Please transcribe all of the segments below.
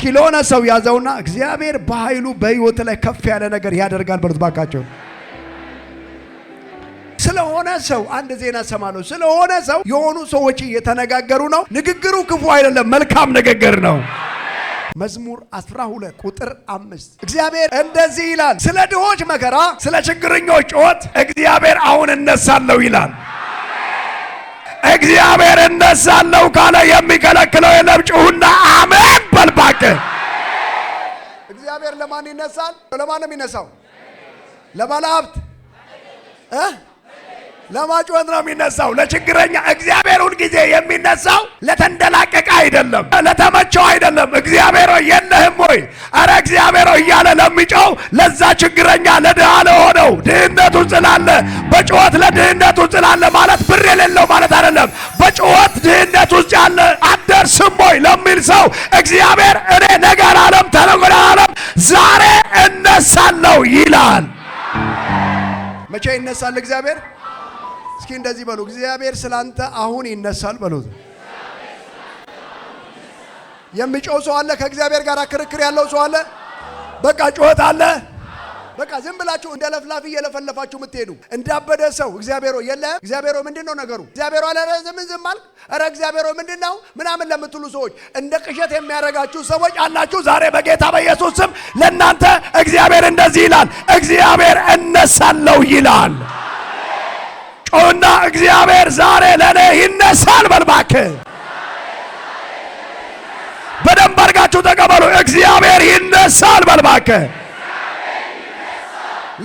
ስለሆነ ሰው ያዘውና እግዚአብሔር በኃይሉ በህይወት ላይ ከፍ ያለ ነገር ያደርጋል በሉት ባካቸው። ስለሆነ ሰው አንድ ዜና ሰማለሁ። ስለሆነ ሰው የሆኑ ሰዎች እየተነጋገሩ ነው። ንግግሩ ክፉ አይደለም፣ መልካም ንግግር ነው። መዝሙር 12 ቁጥር 5 እግዚአብሔር እንደዚህ ይላል፣ ስለ ድሆች መከራ፣ ስለ ችግረኞች ጩኸት እግዚአብሔር አሁን እነሳለሁ ይላል። እግዚአብሔር እነሳለሁ ካለ የሚከለክለው የለም። ጩሁና አሜን ዘመን ባቀ። እግዚአብሔር ለማን ይነሳል? ለማን ነው የሚነሳው? ለባለሀብት እ ለማጭወት ነው የሚነሳው፣ ለችግረኛ። እግዚአብሔር ሁል ጊዜ የሚነሳው ለተንደላቀቀ አይደለም፣ ለተመቸው አይደለም። እግዚአብሔር ሆይ የለህም ወይ አረ እግዚአብሔር ሆይ እያለ ለሚጮው ለዛ ችግረኛ፣ ለድሃ ለሆነው ድህነቱ ስላለ በጩኸት ለድህነቱ ስላለ ማለት ብር የሌለው ማለት አይደለም። በጩኸት ድህነት ውስጥ ያለ አደርስም ወይ ለሚል ሰው እግዚአብሔር እኔ ነገ አላለም፣ ተነገ አላለም፣ ዛሬ እነሳለሁ ይላል። መቼ ይነሳል እግዚአብሔር? እስኪ እንደዚህ በሉ፣ እግዚአብሔር ስላንተ አሁን ይነሳል በሉት። የሚጮው ሰው አለ? ከእግዚአብሔር ጋር ክርክር ያለው ሰው አለ? በቃ ጩኸት አለ በቃ ዝም ብላችሁ እንደ ለፍላፊ እየለፈለፋችሁ የምትሄዱ እንዳበደ ሰው እግዚአብሔሮ የለም እግዚአብሔሮ ምንድን ነው ነገሩ? እግዚአብሔሮ አለረ ዝምን ዝም አልክ። ኧረ እግዚአብሔሮ ምንድን ነው ምናምን ለምትሉ ሰዎች እንደ ቅሸት የሚያደርጋችሁ ሰዎች አላችሁ። ዛሬ በጌታ በኢየሱስ ስም ለእናንተ እግዚአብሔር እንደዚህ ይላል፣ እግዚአብሔር እነሳለሁ ይላል። ጮና እግዚአብሔር ዛሬ ለእኔ ይነሳል በልባክ በደንብ አድርጋችሁ ተቀበሉ። እግዚአብሔር ይነሳል በልባክ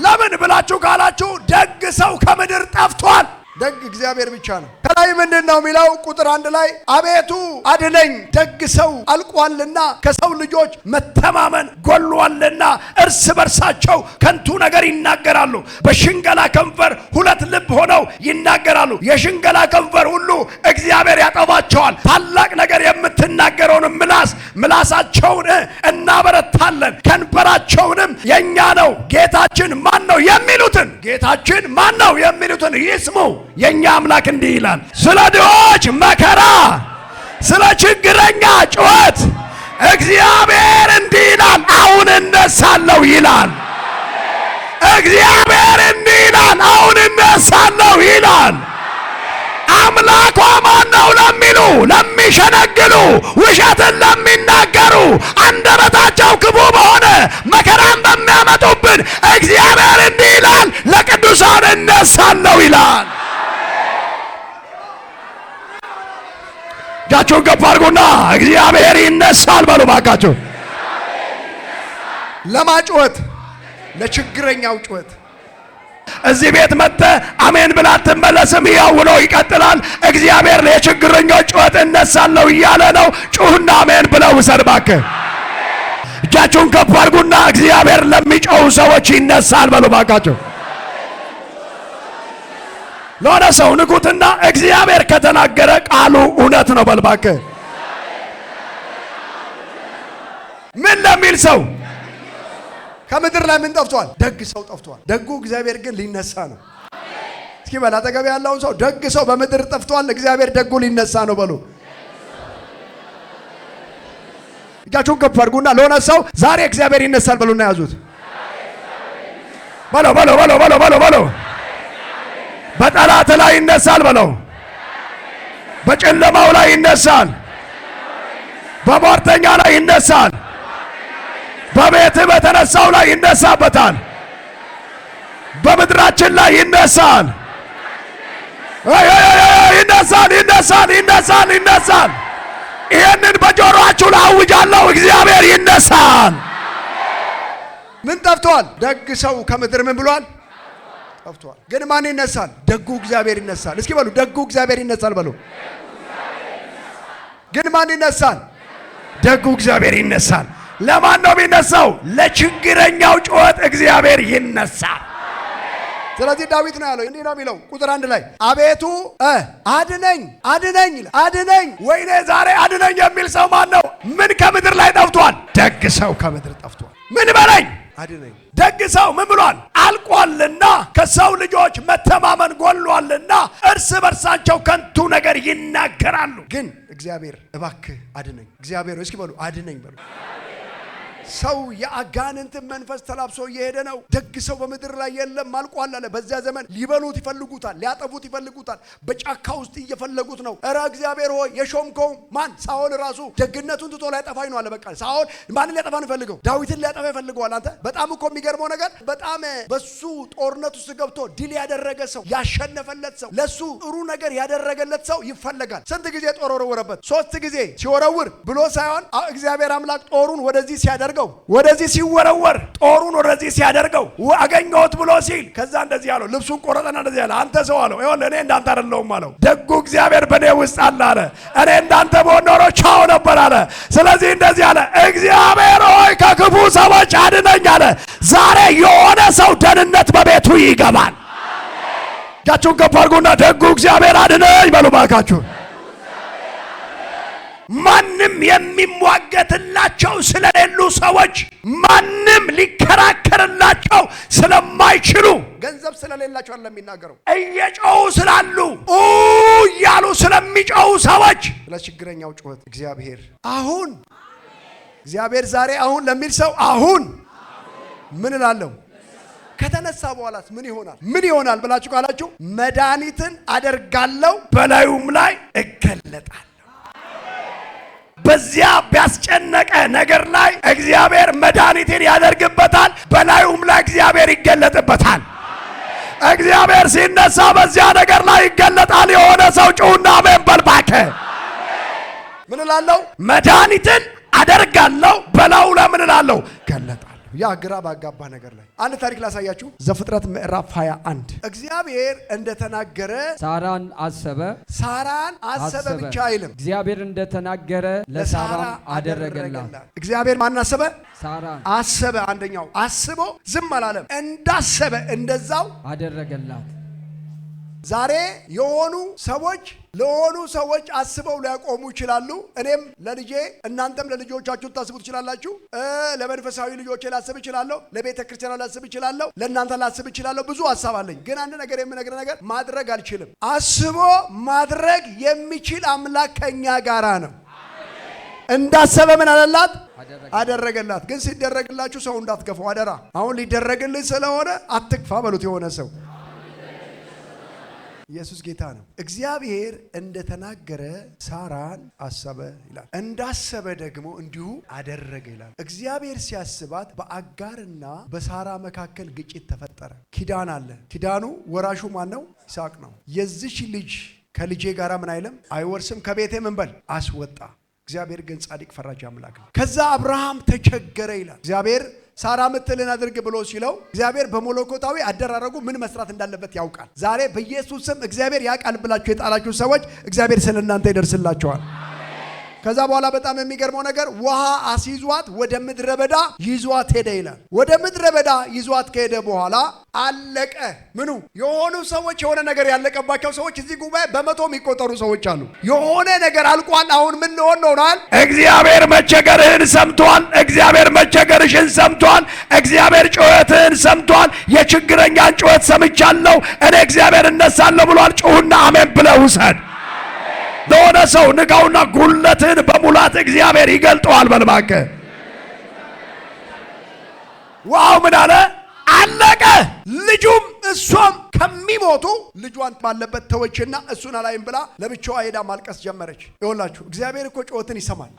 ለምን ብላችሁ ካላችሁ ደግ ሰው ከምድር ጠፍቷል። ደግ እግዚአብሔር ብቻ ነው። ከላይ ምንድን ነው የሚለው? ቁጥር አንድ ላይ አቤቱ አድነኝ፣ ደግ ሰው አልቋልና፣ ከሰው ልጆች መተማመን ጎሏልና፣ እርስ በርሳቸው ከንቱ ነገር ይናገራሉ። በሽንገላ ከንፈር ሁለት ልብ ሆነው ይናገራሉ። የሽንገላ ከንፈር ሁሉ እግዚአብሔር ያጠፋቸዋል። ታላቅ ነገር የምትናገረውን ምላስ ምላሳቸውን እናበረታለን፣ ከንፈራቸውንም የእኛ ነው ጌታችን ማን ነው የሚሉትን ጌታችን ማን ነው የሚሉትን ይስሙ። የእኛ አምላክ እንዲህ ይላል፣ ስለ ድሆች መከራ፣ ስለ ችግረኛ ጩኸት እግዚአብሔር እንዲህ ይላል፣ አሁን እነሳለሁ ይላል። እግዚአብሔር እንዲህ ይላል፣ አሁን እነሳለሁ ይላል። አምላኳ ማን ነው ለሚሉ ለሚሸነግሉ፣ ውሸትን ለሚናገሩ፣ አንደበታቸው ክፉ በሆነ መከራን በሚያመጡብን እግዚአብሔር እንዲህ ይላል፣ ለቅዱሳን እነሳለሁ ይላል። እጃችሁን ከፍ አድርጉና እግዚአብሔር ይነሳል በሉ ባካችሁ። ለማጭወት ለችግረኛው ጩኸት እዚህ ቤት መጥተ አሜን ብላ ትመለስም ያው ውሎ ይቀጥላል። እግዚአብሔር የችግረኞች ጩኸት እነሳለሁ እያለ ነው። ጩህና አሜን ብለው ውሰድ እባክህ። እጃችሁን ከፍ አድርጉና እግዚአብሔር ለሚጮው ሰዎች ይነሳል በሉ ባካቸው። ለሆነ ሰው ንኩትና እግዚአብሔር ከተናገረ ቃሉ እውነት ነው በል ምን ለሚል ሰው ከምድር ላይ ምን ጠፍቷል? ደግ ሰው ጠፍቷል። ደጉ እግዚአብሔር ግን ሊነሳ ነው። እስኪ በል አጠገብ ያለውን ሰው ደግ ሰው በምድር ጠፍቷል፣ እግዚአብሔር ደጉ ሊነሳ ነው በሉ። እጃችሁን ከፍ አድርጉና ለሆነ ሰው ዛሬ እግዚአብሔር ይነሳል በሉና ያዙት። በለው በለው በለው በለው በለው በለው በጠላት ላይ ይነሳል በለው። በጨለማው ላይ ይነሳል። በሟርተኛ ላይ ይነሳል። በቤት በተነሳው ላይ ይነሳበታል። በምድራችን ላይ ይነሳል፣ ይነሳል፣ ይነሳል፣ ይነሳል፣ ይነሳል። ይህንን በጆሮአችሁ አውጃለሁ። እግዚአብሔር ይነሳል። ምን ጠፍቷል? ደግ ሰው ከምድር ምን ብሏል? ጠፍቷል። ግን ማን ይነሳል? ደጉ እግዚአብሔር ይነሳል። እስኪ በሉ ደጉ እግዚአብሔር ይነሳል በሉ። ግን ማን ይነሳል? ደጉ እግዚአብሔር ይነሳል። ለማን ነው የሚነሳው? ለችግረኛው ጩኸት እግዚአብሔር ይነሳል። ስለዚህ ዳዊት ነው ያለው። እንዲህ ነው የሚለው ቁጥር አንድ ላይ አቤቱ አድነኝ፣ አድነኝ፣ አድነኝ። ወይኔ ዛሬ አድነኝ የሚል ሰው ማን ነው? ምን ከምድር ላይ ጠፍቷል? ደግ ሰው ከምድር ጠፍቷል። ምን በለኝ አድነኝ። ደግ ሰው ምን ብሏል? አልቋልና ከሰው ልጆች መተማመን ጎሏልና እርስ በርሳቸው ከንቱ ነገር ይናገራሉ። ግን እግዚአብሔር እባክህ አድነኝ፣ እግዚአብሔር እስኪ በሉ አድነኝ በሉ ሰው የአጋንንት መንፈስ ተላብሶ እየሄደ ነው። ደግ ሰው በምድር ላይ የለም፣ አልቋል አለ። በዚያ ዘመን ሊበሉት ይፈልጉታል፣ ሊያጠፉት ይፈልጉታል፣ በጫካ ውስጥ እየፈለጉት ነው። እረ እግዚአብሔር ሆይ የሾምከው ማን? ሳኦል ራሱ ደግነቱን ትቶ ሊያጠፋኝ ነው አለ። በቃ ሳኦል ማንን ሊያጠፋ ነው ፈልገው? ዳዊትን ሊያጠፋ ይፈልገዋል። አንተ በጣም እኮ የሚገርመው ነገር በጣም በሱ ጦርነት ውስጥ ገብቶ ድል ያደረገ ሰው፣ ያሸነፈለት ሰው፣ ለሱ ጥሩ ነገር ያደረገለት ሰው ይፈለጋል። ስንት ጊዜ ጦር ወረወረበት? ሶስት ጊዜ ሲወረውር ብሎ ሳይሆን እግዚአብሔር አምላክ ጦሩን ወደዚህ ሲያደርግ ሲያደርገው ወደዚህ ሲወረወር ጦሩን ወደዚህ ሲያደርገው አገኘሁት ብሎ ሲል ከዛ እንደዚህ አለው። ልብሱን ቆረጠና እንደዚህ አለ፣ አንተ ሰው አለው ይሆን እኔ እንዳንተ አይደለሁም አለው። ደጉ እግዚአብሔር በእኔ ውስጥ አለ አለ። እኔ እንዳንተ በሆን ኖሮ ቻው ነበር አለ። ስለዚህ እንደዚህ አለ፣ እግዚአብሔር ሆይ ከክፉ ሰዎች አድነኝ አለ። ዛሬ የሆነ ሰው ደህንነት በቤቱ ይገባል። እጃችሁን ከፍ አድርጉና ደጉ እግዚአብሔር አድነኝ በሉ ባካችሁን ማንም የሚሟገትላቸው ስለሌሉ ሰዎች፣ ማንም ሊከራከርላቸው ስለማይችሉ፣ ገንዘብ ስለሌላቸው አለ የሚናገረው እየጮሁ ስላሉ እያሉ ስለሚጮሁ ሰዎች፣ ስለ ችግረኛው ጩኸት እግዚአብሔር አሁን እግዚአብሔር ዛሬ አሁን ለሚል ሰው አሁን ምን እላለሁ? ከተነሳ በኋላስ ምን ይሆናል? ምን ይሆናል ብላችሁ ካላችሁ መድኃኒትን አደርጋለሁ በላዩም ላይ እገለጣል በዚያ ቢያስጨነቀ ነገር ላይ እግዚአብሔር መድኃኒትን ያደርግበታል። በላዩም ላይ እግዚአብሔር ይገለጥበታል። እግዚአብሔር ሲነሳ በዚያ ነገር ላይ ይገለጣል። የሆነ ሰው ጩውና አሜን በልባከ ምን እላለሁ? መድኃኒትን አደርጋለሁ። በላዩ ላይ ምን እላለሁ? ገለጣል ያ ግራ ባጋባ ነገር ላይ አንድ ታሪክ ላሳያችሁ። ዘፍጥረት ምዕራፍ 21 እግዚአብሔር እንደተናገረ ሳራን አሰበ። ሳራን አሰበ ብቻ አይልም፣ እግዚአብሔር እንደተናገረ ለሳራ አደረገላት። እግዚአብሔር ማን አሰበ? ሳራን አሰበ። አንደኛው አስቦ ዝም አላለም፣ እንዳሰበ እንደዛው አደረገላት። ዛሬ የሆኑ ሰዎች ለሆኑ ሰዎች አስበው ሊያቆሙ ይችላሉ። እኔም ለልጄ እናንተም ለልጆቻችሁ ልታስቡ ትችላላችሁ። ለመንፈሳዊ ልጆቼ ላስብ እችላለሁ። ለቤተ ክርስቲያኗ ላስብ እችላለሁ። ለእናንተ ላስብ እችላለሁ። ብዙ ሀሳብ አለኝ። ግን አንድ ነገር የምነግር ነገር ማድረግ አልችልም። አስቦ ማድረግ የሚችል አምላክ ከኛ ጋራ ነው። እንዳሰበ ምን አለላት አደረገላት። ግን ሲደረግላችሁ ሰው እንዳትገፋው አደራ። አሁን ሊደረግልኝ ስለሆነ አትግፋ በሉት የሆነ ሰው ኢየሱስ ጌታ ነው። እግዚአብሔር እንደተናገረ ሳራን አሰበ ይላል። እንዳሰበ ደግሞ እንዲሁ አደረገ ይላል። እግዚአብሔር ሲያስባት በአጋርና በሳራ መካከል ግጭት ተፈጠረ። ኪዳን አለ። ኪዳኑ ወራሹ ማን ነው? ይስሐቅ ነው። የዚች ልጅ ከልጄ ጋር ምን አይልም አይወርስም፣ ከቤቴ ምን በል አስወጣ። እግዚአብሔር ግን ጻድቅ ፈራጅ አምላክ ነው። ከዛ አብርሃም ተቸገረ ይላል እግዚአብሔር ሳራ ምትልን አድርግ ብሎ ሲለው እግዚአብሔር በመለኮታዊ አደራረጉ ምን መስራት እንዳለበት ያውቃል። ዛሬ በኢየሱስ ስም እግዚአብሔር ያውቃል ብላችሁ የጣላችሁ ሰዎች እግዚአብሔር ስለ እናንተ ይደርስላችኋል። ከዛ በኋላ በጣም የሚገርመው ነገር ውሃ አስይዟት ወደ ምድረ በዳ ይዟት ሄደ ይላል። ወደ ምድረ በዳ ይዟት ከሄደ በኋላ አለቀ። ምኑ የሆኑ ሰዎች የሆነ ነገር ያለቀባቸው ሰዎች እዚህ ጉባኤ በመቶ የሚቆጠሩ ሰዎች አሉ። የሆነ ነገር አልቋል። አሁን ምን ሊሆን ሆናል? እግዚአብሔር መቸገርህን ሰምቷል። እግዚአብሔር መቸገርሽን ሰምቷል። እግዚአብሔር ጩኸትህን ሰምቷል። የችግረኛን ጩኸት ሰምቻለሁ እኔ እግዚአብሔር እነሳለሁ ብሏል። ጩሁና አሜን ብለህ ውሰድ። ለሆነ ሰው ንጋውና ጉልለትህን በሙላት እግዚአብሔር ይገልጠዋል። በልባከ ዋው ምን አለ አለቀ። ልጁም እሷም ከሚሞቱ ልጇን ባለበት ተወችና እሱን አላይም ብላ ለብቻዋ ሄዳ ማልቀስ ጀመረች። ይኸውላችሁ እግዚአብሔር እኮ ጩኸትን ይሰማል።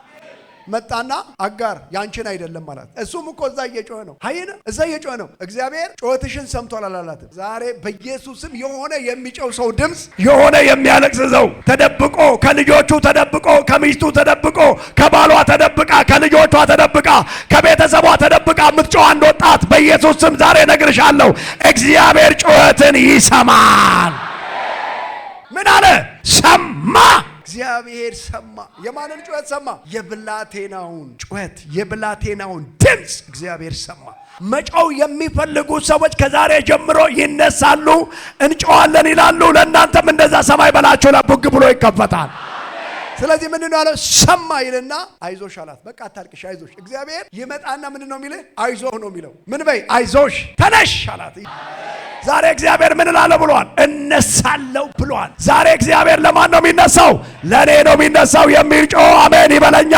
መጣና አጋር ያንቺን አይደለም አላት። እሱም እኮ እዛ እየጮኸ ነው፣ ሀይን እዛ እየጮኸ ነው። እግዚአብሔር ጩኸትሽን ሰምቷል አላላትም። ዛሬ በኢየሱስም የሆነ የሚጨው ሰው ድምፅ፣ የሆነ የሚያለቅስ ሰው ተደብቆ ከልጆቹ ተደብቆ ከሚስቱ ተደብቆ ከባሏ ተደብቃ ከልጆቿ ተደብቃ ከቤተሰቧ ተደብቃ የምትጮህ አንድ ወጣት በኢየሱስ ስም ዛሬ አለው እግዚአብሔር ጩኸትን ይሰማል። ምን አለ ሰማ እግዚአብሔር ሰማ። የማንን ጩኸት ሰማ? የብላቴናውን ጩኸት፣ የብላቴናውን ድምፅ እግዚአብሔር ሰማ። መጫው የሚፈልጉ ሰዎች ከዛሬ ጀምሮ ይነሳሉ፣ እንጨዋለን ይላሉ። ለእናንተም እንደዛ ሰማይ በላቸው ለቡግ ብሎ ይከፈታል። ስለዚህ ምንድን ነው ያለው? ሰማ ይልና አይዞሽ አላት። በቃ አታልቅሽ፣ አይዞሽ። እግዚአብሔር ይመጣና ምንድን ነው የሚልህ? አይዞህ ነው የሚለው። ምን በይ? አይዞሽ፣ ተነሽ አላት። ዛሬ እግዚአብሔር ምን እላለሁ ብሏል? እነሳለሁ ብሏል። ዛሬ እግዚአብሔር ለማን ነው የሚነሳው? ለእኔ ነው የሚነሳው። ጮ አሜን ይበለኛ።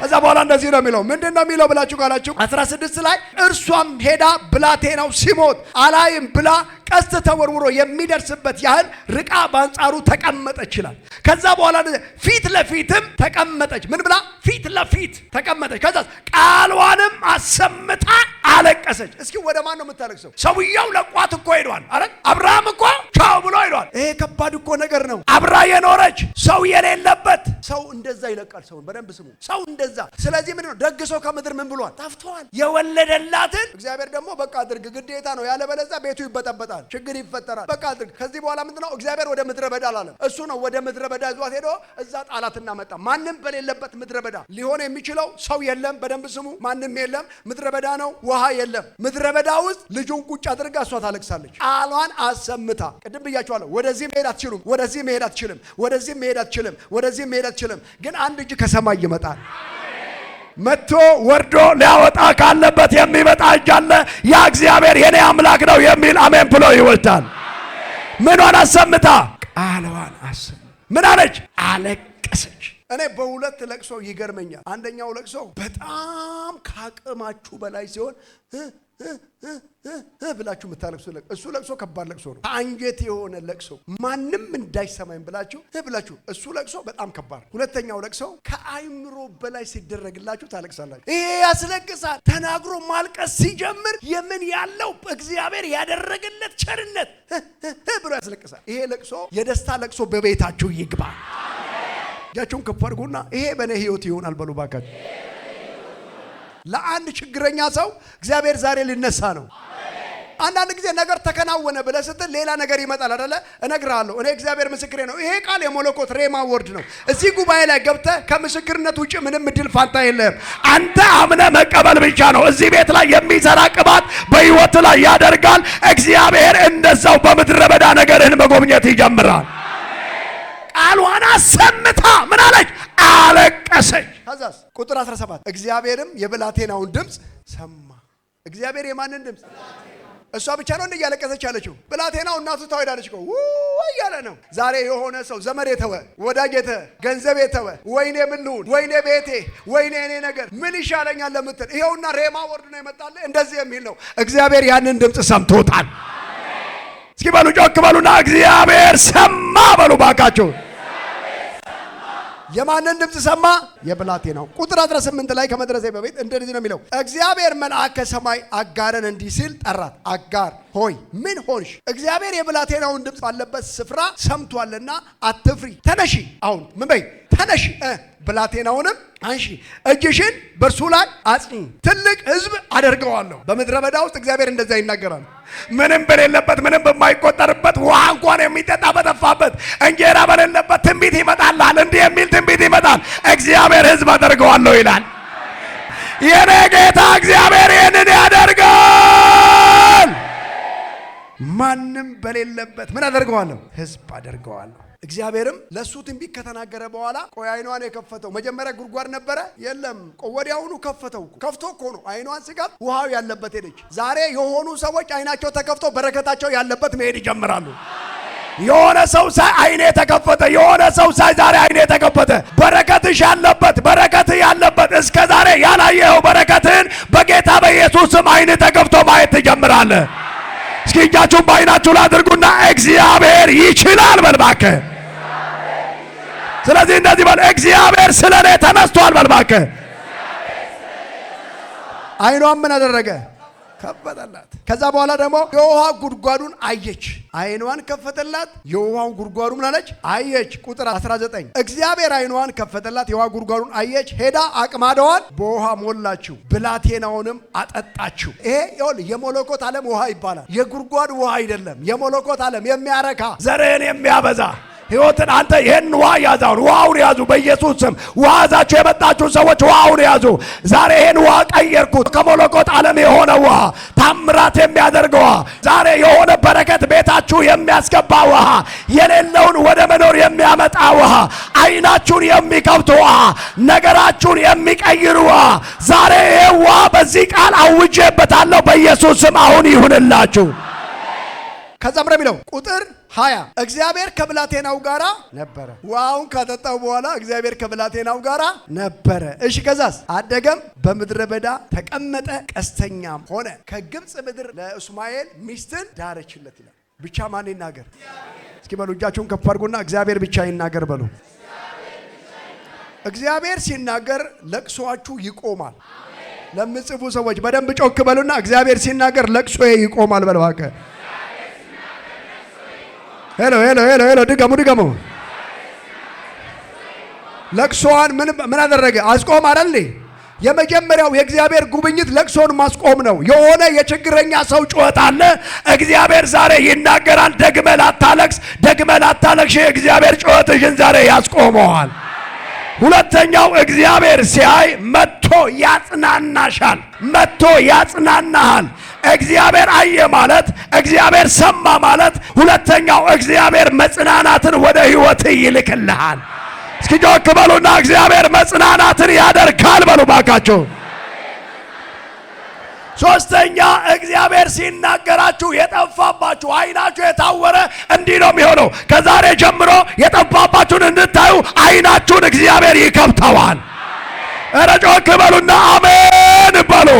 ከዛ በኋላ እንደዚህ ነው የሚለው። ምንድን ነው የሚለው ብላችሁ ካላችሁ 16 ላይ እርሷም ሄዳ ብላቴናው ሲሞት አላይም ብላ ቀስት ተወርውሮ የሚደርስበት ያህል ርቃ በአንጻሩ ተቀመጠች ይላል። ከዛ በኋላ ፊት ለፊትም ተቀመጠች። ምን ብላ ፊት ለፊት ተቀመጠች። ከዛ ቃልዋንም አሰምታ አለቀሰች። እስኪ ወደ ማን ነው የምታለቅሰው? ሰውየው ለቋት እኮ ሄዷል። አረ አብርሃም እኮ ቻው ብሎ ሄዷል። ይሄ ከባድ እኮ ነገር ነው። አብራ የኖረች ሰው የሌለበት ሰው እንደዛ ይለቃል። ሰውን በደንብ ስሙ። ሰው እንደ እንደዛ። ስለዚህ ምንድነው ደግ ሰው ከምድር ምን ብሏል? ጠፍቷል። የወለደላትን እግዚአብሔር ደግሞ በቃ አድርግ ግዴታ ነው፣ ያለበለዛ ቤቱ ይበጠበጣል፣ ችግር ይፈጠራል። በቃ አድርግ። ከዚህ በኋላ ምንድነው እግዚአብሔር ወደ ምድረ በዳ አላለም። እሱ ነው ወደ ምድረ በዳ ይዟት ሄዶ እዛ ጣላትና መጣ። ማንም በሌለበት ምድረ በዳ ሊሆን የሚችለው ሰው የለም። በደንብ ስሙ፣ ማንም የለም። ምድረ በዳ ነው፣ ውሃ የለም። ምድረ በዳ ውስጥ ልጁን ቁጭ አድርጋ እሷ ታለቅሳለች፣ ቃሏን አሰምታ። ቅድም ብያችኋለሁ፣ ወደዚህ መሄድ አትችሉም፣ ወደዚህ መሄድ አትችልም፣ ወደዚህ መሄድ አትችልም፣ ወደዚህ መሄድ አትችልም። ግን አንድ እጅ ከሰማይ ይመጣል። መጥቶ ወርዶ ሊያወጣ ካለበት የሚመጣ እጅ አለ። ያ እግዚአብሔር የኔ አምላክ ነው የሚል አሜን ብሎ ይወልዳል። ምኗን አሰምታ ቃልዋን አስ ምን አለች? አለቀሰች። እኔ በሁለት ለቅሶ ይገርመኛል። አንደኛው ለቅሶ በጣም ካቅማችሁ በላይ ሲሆን ብላችሁ የምታለቅሱ እሱ ለቅሶ ከባድ ለቅሶ ነው። አንጀት የሆነ ለቅሶ ማንም እንዳይሰማኝ ብላችሁ ብላችሁ እሱ ለቅሶ በጣም ከባድ። ሁለተኛው ለቅሶ ከአይምሮ በላይ ሲደረግላችሁ ታለቅሳላችሁ። ይሄ ያስለቅሳል። ተናግሮ ማልቀስ ሲጀምር የምን ያለው እግዚአብሔር ያደረገለት ቸርነት ብሎ ያስለቅሳል። ይሄ ለቅሶ የደስታ ለቅሶ በቤታችሁ ይግባ። እጃችሁን ከፍ አድርጉና ይሄ በእኔ ህይወት ይሆናል በሉ ባካችሁ ለአንድ ችግረኛ ሰው እግዚአብሔር ዛሬ ሊነሳ ነው። አንዳንድ ጊዜ ነገር ተከናወነ ብለህ ስትል ሌላ ነገር ይመጣል አይደለ? እነግርሃለሁ፣ እኔ እግዚአብሔር ምስክሬ ነው። ይሄ ቃል የሞለኮት ሬማ ወርድ ነው። እዚህ ጉባኤ ላይ ገብተህ ከምስክርነት ውጭ ምንም እድል ፋንታ የለህም። አንተ አምነህ መቀበል ብቻ ነው። እዚህ ቤት ላይ የሚሰራ ቅባት በህይወት ላይ ያደርጋል። እግዚአብሔር እንደዛው በምድረ በዳ ነገርህን መጎብኘት ይጀምራል። ቃሏን ሰምታ ምን አለች? አለቀሰች። ከዛስ ቁጥር 17 እግዚአብሔርም የብላቴናውን ድምፅ ሰማ። እግዚአብሔር የማንን ድምፅ? እሷ ብቻ ነው እንደ እያለቀሰች ያለችው። ብላቴናው እናቱ ታወዳለች እኮ እያለ ነው። ዛሬ የሆነ ሰው ዘመድ የተወ ወዳጅ የተ ገንዘብ የተወ ወይኔ ምን ልሁን፣ ወይኔ ቤቴ፣ ወይኔ እኔ ነገር ምን ይሻለኛል ለምትል ይኸውና ሬማ ወርድ ነው ይመጣል እንደዚህ የሚል ነው። እግዚአብሔር ያንን ድምፅ ሰምቶታል። እስኪ በሉ ጮክ በሉና እግዚአብሔር ሰማ በሉ ባካቸው የማንን ድምፅ ሰማ? ነው። ቁጥር 18 ላይ ከመድረሴ በፊት እንደዚህ ነው የሚለው፣ እግዚአብሔር መልአክ ከሰማይ አጋርን እንዲህ ሲል ጠራት፣ አጋር ሆይ ምን ሆንሽ? እግዚአብሔር የብላቴናውን ድምፅ ባለበት ስፍራ ሰምቷልና አትፍሪ፣ ተነሺ አሁን ምን በይ ተነሽ ብላቴናውንም አንሺ እጅሽን በእርሱ ላይ አጽኚ፣ ትልቅ ሕዝብ አደርገዋለሁ። በምድረ በዳ ውስጥ እግዚአብሔር እንደዛ ይናገራል። ምንም በሌለበት ምንም በማይቆጠርበት ውሃ እንኳን የሚጠጣ በጠፋበት እንጀራ በሌለበት ትንቢት ይመጣላል። እንዲህ የሚል ትንቢት ይመጣል፣ እግዚአብሔር ሕዝብ አደርገዋለሁ ይላል። የኔ ጌታ እግዚአብሔር ይህንን ያደርጋል። ማንም በሌለበት ምን አደርገዋለሁ? ሕዝብ አደርገዋለሁ። እግዚአብሔርም ለእሱ ትንቢት ከተናገረ በኋላ ቆይ አይኗን የከፈተው መጀመሪያ ጉድጓድ ነበረ የለም፣ ወዲያውኑ ከፈተው። ከፍቶ እኮ ነው አይኗን ስጋት ውሃው ያለበት ሄደች። ዛሬ የሆኑ ሰዎች አይናቸው ተከፍቶ በረከታቸው ያለበት መሄድ ይጀምራሉ። የሆነ ሰው ሳይ አይኔ ተከፈተ፣ የሆነ ሰው ሳይ ዛሬ አይኔ ተከፈተ። በረከትሽ ያለበት በረከትህ ያለበት እስከ ዛሬ ያላየኸው በረከትህን በጌታ በኢየሱስም አይን ተከፍቶ ማየት ትጀምራለህ። እስኪ እጃችሁን በአይናችሁ ላድርጉና እግዚአብሔር ይችላል በልባከ ስለዚህ እንደዚህ በል፣ እግዚአብሔር ስለ እኔ ተነስቷል። በል እባክህ። አይኗም ምን አደረገ? ከፈተላት። ከዛ በኋላ ደግሞ የውሃ ጉድጓዱን አየች። አይኗን ከፈተላት። የውሃውን ጉድጓዱ ምን አለች? አየች። ቁጥር 19 እግዚአብሔር አይኗን ከፈተላት፣ የውሃ ጉድጓዱን አየች። ሄዳ አቅማደዋን በውሃ ሞላችው፣ ብላቴናውንም አጠጣችው። ይሄ ይሁን የመለኮት ዓለም ውሃ ይባላል። የጉድጓድ ውሃ አይደለም። የመለኮት ዓለም የሚያረካ ዘርህን የሚያበዛ ህይወትን አንተ ይህን ዋ ያዛውን ውሃውን ያዙ። በኢየሱስ ስም ውሃ የመጣችሁ ሰዎች ውሃውን ያዙ። ዛሬ ይህን ዋ ቀየርኩት። ከመለኮት ዓለም የሆነ ውሃ፣ ታምራት የሚያደርግ ዛሬ የሆነ በረከት ቤታችሁ የሚያስገባ ውሃ፣ የሌለውን ወደ መኖር የሚያመጣ ውሃ፣ አይናችሁን የሚከብት ውሃ፣ ነገራችሁን የሚቀይር ውሃ፣ ዛሬ ይህ ዋ በዚህ ቃል አውጄበታለሁ። በኢየሱስ ስም አሁን ይሁንላችሁ። ከዛም ነው የሚለው ቁጥር ሀያ እግዚአብሔር ከብላቴናው ጋራ ነበረ። ውሃውን ካጠጣው በኋላ እግዚአብሔር ከብላቴናው ጋራ ነበረ። እሺ ከዛስ አደገም፣ በምድረ በዳ ተቀመጠ፣ ቀስተኛም ሆነ። ከግብፅ ምድር ለእስማኤል ሚስትን ዳረችለት ይላል። ብቻ ማን ይናገር? እስኪ በሉ እጃችሁን ከፍ አድርጉና እግዚአብሔር ብቻ ይናገር በሉ። እግዚአብሔር ሲናገር ለቅሶአችሁ ይቆማል። ለምጽፉ ሰዎች በደንብ ጮክ በሉና እግዚአብሔር ሲናገር ለቅሶዬ ይቆማል በለዋቀ ሄሎ ሄሎ ሄሎ ሄሎ ድገሙ ድገሙ። ለቅሶዋን ምን ምን አደረገ? አስቆም አይደል? የመጀመሪያው የእግዚአብሔር ጉብኝት ለቅሶን ማስቆም ነው። የሆነ የችግረኛ ሰው ጩኸት አለ። እግዚአብሔር ዛሬ ይናገራል። ደግመ ላታለቅስ፣ ደግመ ላታለቅሽ። እግዚአብሔር ጩኸትሽን ዛሬ ያስቆመዋል። ሁለተኛው እግዚአብሔር ሲያይ መጥቶ ያጽናናሻል፣ መጥቶ ያጽናናሃል። እግዚአብሔር አየ ማለት እግዚአብሔር ሰማ ማለት፣ ሁለተኛው እግዚአብሔር መጽናናትን ወደ ህይወት ይልክልሃል። እስኪ ጮክ በሉና እግዚአብሔር መጽናናትን ያደርጋል በሉ ባካቸው። ሶስተኛ እግዚአብሔር ሲናገራችሁ የጠፋባችሁ አይናችሁ የታወረ እንዲህ ነው የሚሆነው። ከዛሬ ጀምሮ የጠፋባችሁን እንድታዩ አይናችሁን እግዚአብሔር ይከብተዋል። ኧረ ጮክ በሉና አሜን በሉ።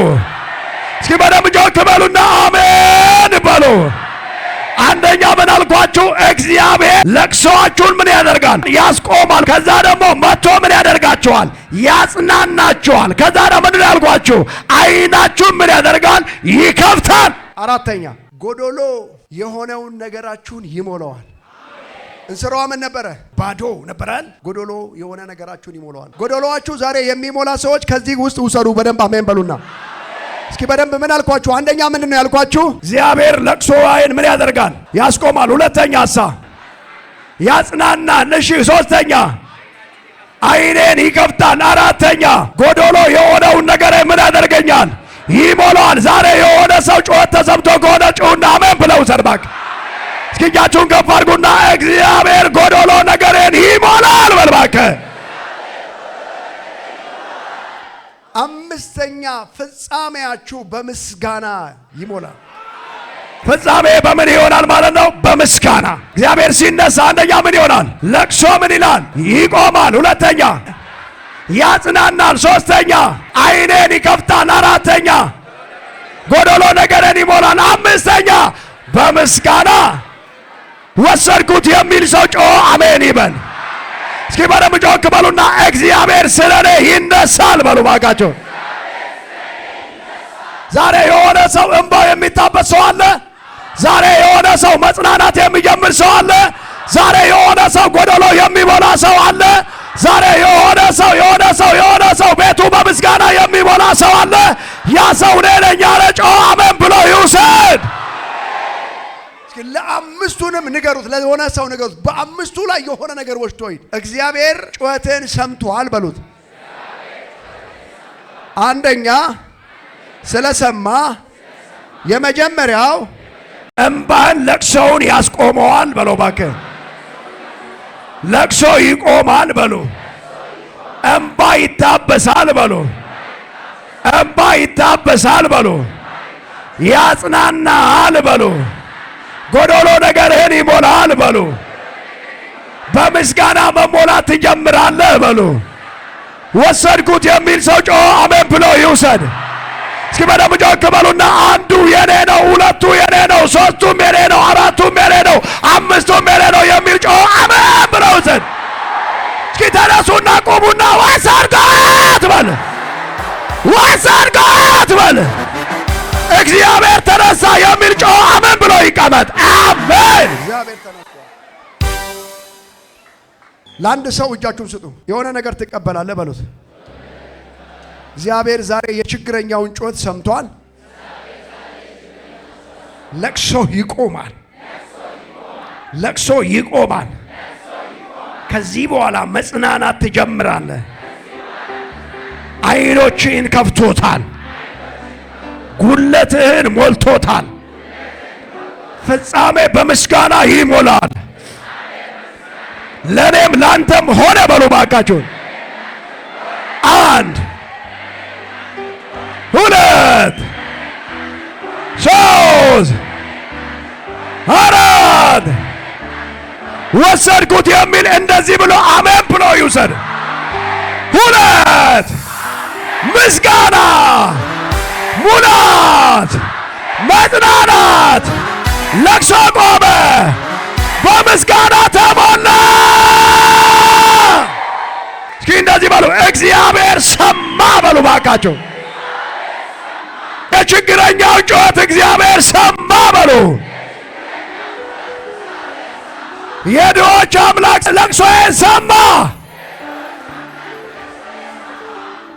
እስኪ በደም ጆክ በሉና አሜን በሉ። አንደኛ ምን አልኳችሁ? እግዚአብሔር ለቅሶአችሁን ምን ያደርጋል? ያስቆማል። ከዛ ደግሞ መጥቶ ምን ያደርጋችኋል? ያጽናናችኋል። ከዛ ደግሞ ምን ያልኳችሁ? አይናችሁን ምን ያደርጋል? ይከፍታል። አራተኛ ጎዶሎ የሆነውን ነገራችሁን ይሞላዋል። እንስራዋ ምን ነበረ? ባዶ ነበራል። ጎዶሎ የሆነ ነገራችሁን ይሞላዋል። ጎዶሎዋችሁ ዛሬ የሚሞላ ሰዎች ከዚህ ውስጥ ውሰዱ። በደንብ አሜን በሉና እስኪ በደንብ ምን አልኳችሁ? አንደኛ ምንድን ነው ያልኳችሁ? እግዚአብሔር ለቅሶ አይን ምን ያደርጋል? ያስቆማል። ሁለተኛ ሳ ያጽናና እሺ፣ ሶስተኛ አይኔን ይከፍታል። አራተኛ ጎዶሎ የሆነውን ነገር ምን ያደርገኛል? ይሞላዋል። ዛሬ የሆነ ሰው ጩኸት ተሰምቶ ከሆነ ጩሁና አሜን ብለው ሰርባክ እስኪ እጃችሁን ከፍ አድርጉና እግዚአብሔር ጎዶሎ ነገርን ይሞላል በልባክ ደስተኛ ፍጻሜያችሁ በምስጋና ይሞላል። ፍጻሜ በምን ይሆናል ማለት ነው? በምስጋና እግዚአብሔር ሲነሳ አንደኛ ምን ይሆናል? ለቅሶ ምን ይላል? ይቆማል። ሁለተኛ ያጽናናል። ሶስተኛ አይኔን ይከፍታል። አራተኛ ጎደሎ ነገርን ይሞላል። አምስተኛ በምስጋና ወሰድኩት የሚል ሰው ጮ አሜን ይበል። እስኪ በደምብ ጮክ በሉና እግዚአብሔር ስለ እኔ ይነሳል በሉ ባካቸው ዛሬ የሆነ ሰው እንባው የሚታበት ሰው አለ። ዛሬ የሆነ ሰው መጽናናት የሚጀምር ሰው አለ። ዛሬ የሆነ ሰው ጎደሎ የሚሞላ ሰው አለ። ዛሬ የሆነ ሰው የሆነ ሰው የሆነ ሰው ቤቱ በምስጋና የሚሞላ ሰው አለ። ያ ሰው እኔ ነኝ ያለ ጮኸ አሜን ብሎ ይውሰድ። ለአምስቱንም ንገሩት፣ ለሆነ ሰው ንገሩት። በአምስቱ ላይ የሆነ ነገር ወስዶ ሂድ። እግዚአብሔር ጩኸትን ሰምቷል በሉት። አንደኛ ስለሰማ የመጀመሪያው እምባህን ለቅሶውን ያስቆመዋል በሎ ባከ ለቅሶ ይቆማል በሎ እምባ ይታበሳል በሎ እምባ ይታበሳል በሎ ያጽናናል በሎ ጎዶሎ ነገርህን ይሞላል በሎ በምስጋና መሞላት ትጀምራለህ በሎ ወሰድኩት የሚል ሰው ጮ አሜን ብሎ ይውሰድ እስኪ በደምጃ ክበሉና አንዱ የኔ ነው፣ ሁለቱ የኔ ነው፣ ሶስቱም የኔ ነው፣ አራቱም የኔ ነው፣ አምስቱም የኔ ነው የሚል ጮ አሜን ብለው ዘንድ እስኪ ተነሱና ቁሙና ዋሳርጋት በል ዋሳርጋት በል እግዚአብሔር ተነሳ የሚል ጮ አሜን ብሎ ይቀመጥ። አሜን ለአንድ ሰው እጃችሁን ስጡ። የሆነ ነገር ትቀበላለህ በሉት። እግዚአብሔር ዛሬ የችግረኛውን ጩኸት ሰምቷል። ለቅሶ ይቆማል። ለቅሶ ይቆማል። ከዚህ በኋላ መጽናናት ትጀምራለ አይኖችህን ከፍቶታል። ጉለትህን ሞልቶታል። ፍጻሜ በምስጋና ይሞላል። ለእኔም ላንተም ሆነ በሉ ባካችሁን አንድ ሁለት፣ ሶስት፣ አራት ወሰድኩት የሚል እንደዚህ ብሎ አሜን ብሎ ይውሰድ። ሁለት ምስጋና፣ ሙላት፣ መጽናናት፣ ለቅሶ ቆመ፣ በምስጋና ተሞላ። እስኪ እንደዚህ በሉ፣ እግዚአብሔር ሰማ በሉ ባካቸው የችግረኛው ጩኸት እግዚአብሔር ሰማ በሉ። የድሆች አምላክ ለቅሶዬን ሰማ።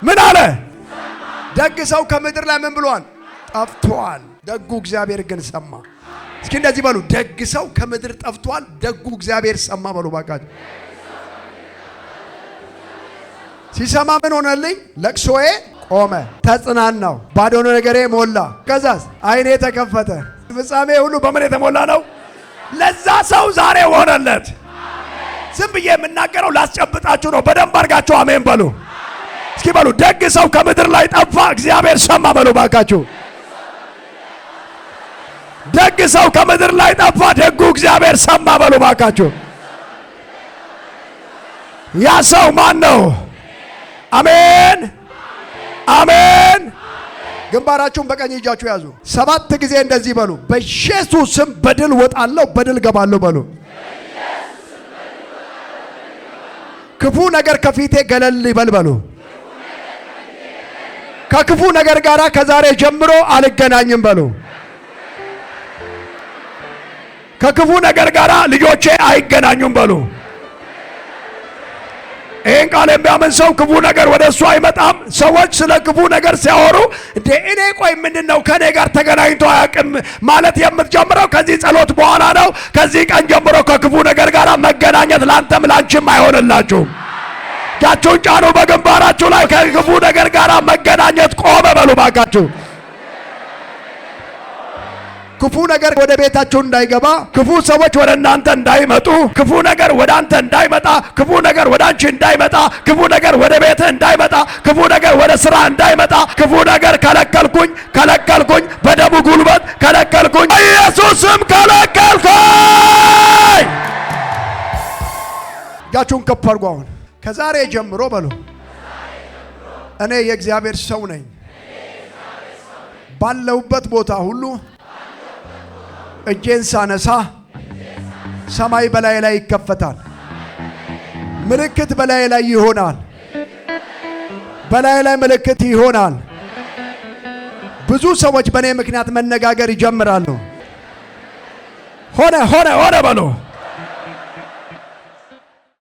ምን አለ? ደግ ሰው ከምድር ላይ ምን ብሏል? ጠፍቷል። ደጉ እግዚአብሔር ግን ሰማ። እስኪ እንደዚህ በሉ፣ ደግ ሰው ከምድር ጠፍቷል፣ ደጉ እግዚአብሔር ሰማ በሉ። ባቃት ሲሰማ ምን ሆነልኝ? ለቅሶዬ ቆመ፣ ተጽናናው፣ ባዶኖ ነገሬ ሞላ፣ ከዛስ አይኔ ተከፈተ። ፍጻሜ ሁሉ በምን የተሞላ ነው? ለዛ ሰው ዛሬ ሆነለት። ዝም ብዬ የምናገረው ላስጨብጣችሁ ነው። በደንብ አድርጋችሁ አሜን በሉ እስኪ በሉ። ደግ ሰው ከምድር ላይ ጠፋ፣ እግዚአብሔር ሰማ በሉ ባካችሁ። ደግ ሰው ከምድር ላይ ጠፋ፣ ደጉ እግዚአብሔር ሰማ በሉ ባካችሁ። ያ ሰው ማን ነው? አሜን አሜን። ግንባራችሁን በቀኝ እጃችሁ ያዙ። ሰባት ጊዜ እንደዚህ በሉ። በኢየሱስ ስም በድል ወጣለሁ፣ በድል ገባለሁ በሉ። ክፉ ነገር ከፊቴ ገለል ይበል በሉ። ከክፉ ነገር ጋር ከዛሬ ጀምሮ አልገናኝም በሉ። ከክፉ ነገር ጋር ልጆቼ አይገናኙም በሉ። ይህን ቃል የሚያምን ሰው ክፉ ነገር ወደ እሱ አይመጣም። ሰዎች ስለ ክፉ ነገር ሲያወሩ እንደ እኔ ቆይ ምንድን ነው ከእኔ ጋር ተገናኝቶ አያውቅም ማለት የምትጀምረው ከዚህ ጸሎት በኋላ ነው። ከዚህ ቀን ጀምሮ ከክፉ ነገር ጋር መገናኘት ለአንተም ላንችም አይሆንላችሁም። እጃችሁን ጫኑ በግንባራችሁ ላይ። ከክፉ ነገር ጋር መገናኘት ቆመ በሉ ባካችሁ። ክፉ ነገር ወደ ቤታችሁ እንዳይገባ፣ ክፉ ሰዎች ወደ እናንተ እንዳይመጡ፣ ክፉ ነገር ወደ አንተ እንዳይመጣ፣ ክፉ ነገር ወደ አንቺ እንዳይመጣ፣ ክፉ ነገር ወደ ቤት እንዳይመጣ፣ ክፉ ነገር ወደ ስራ እንዳይመጣ፣ ክፉ ነገር ከለከልኩኝ፣ ከለከልኩኝ፣ በደሙ ጉልበት ከለከልኩኝ፣ ኢየሱስም ከለከልኩኝ። እጃችሁን ከፍ አድርጉ። አሁን ከዛሬ ጀምሮ በሉ እኔ የእግዚአብሔር ሰው ነኝ ባለሁበት ቦታ ሁሉ እጄን ሳነሳ ሰማይ በላይ ላይ ይከፈታል። ምልክት በላይ ላይ ይሆናል። በላይ ላይ ምልክት ይሆናል። ብዙ ሰዎች በእኔ ምክንያት መነጋገር ይጀምራሉ። ሆነ ሆነ ሆነ በሉ።